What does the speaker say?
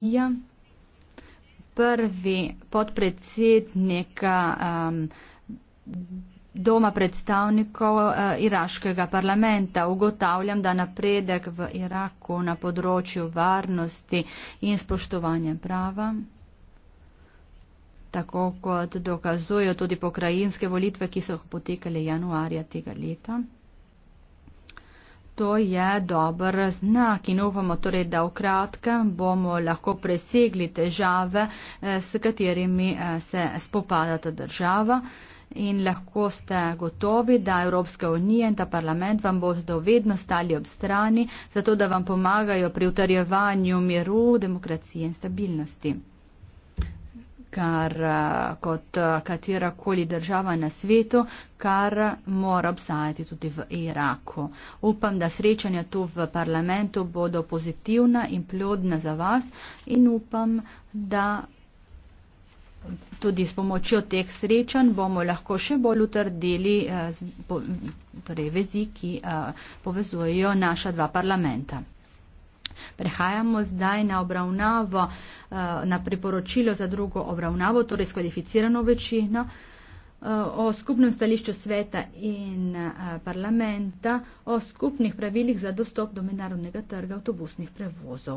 Ja. Prvi podpredsednik um, doma predstavnikov uh, iraškega parlamenta. Ugotavljam, da napredek v Iraku na področju varnosti in spoštovanja prava, tako kot dokazujo tudi pokrajinske volitve, ki so potekale januarja tega leta to je dober znak in upamo torej, da v kratkem bomo lahko presegli težave, eh, s katerimi eh, se spopada ta država. In lahko ste gotovi, da Evropska unija in ta parlament vam bodo vedno stali ob strani, zato da vam pomagajo pri utrjevanju miru, demokracije in stabilnosti kar eh, kot eh, katera koli država na svetu, kar mora obstajati tudi v Iraku. Upam, da srečanja tu v parlamentu bodo pozitivna in plodna za vas in upam, da tudi s pomočjo teh srečanj bomo lahko še bolj utrdili eh, torej vezi, ki povezujejo naša dva parlamenta. Prehajamo zdaj na obravnavo, eh, na priporočilo za drugo obravnavo, torej skvalificirano večino eh, o skupnem stališču sveta in eh, parlamenta, o skupnih pravilih za dostop do mednarodnega trga avtobusnih prevozov.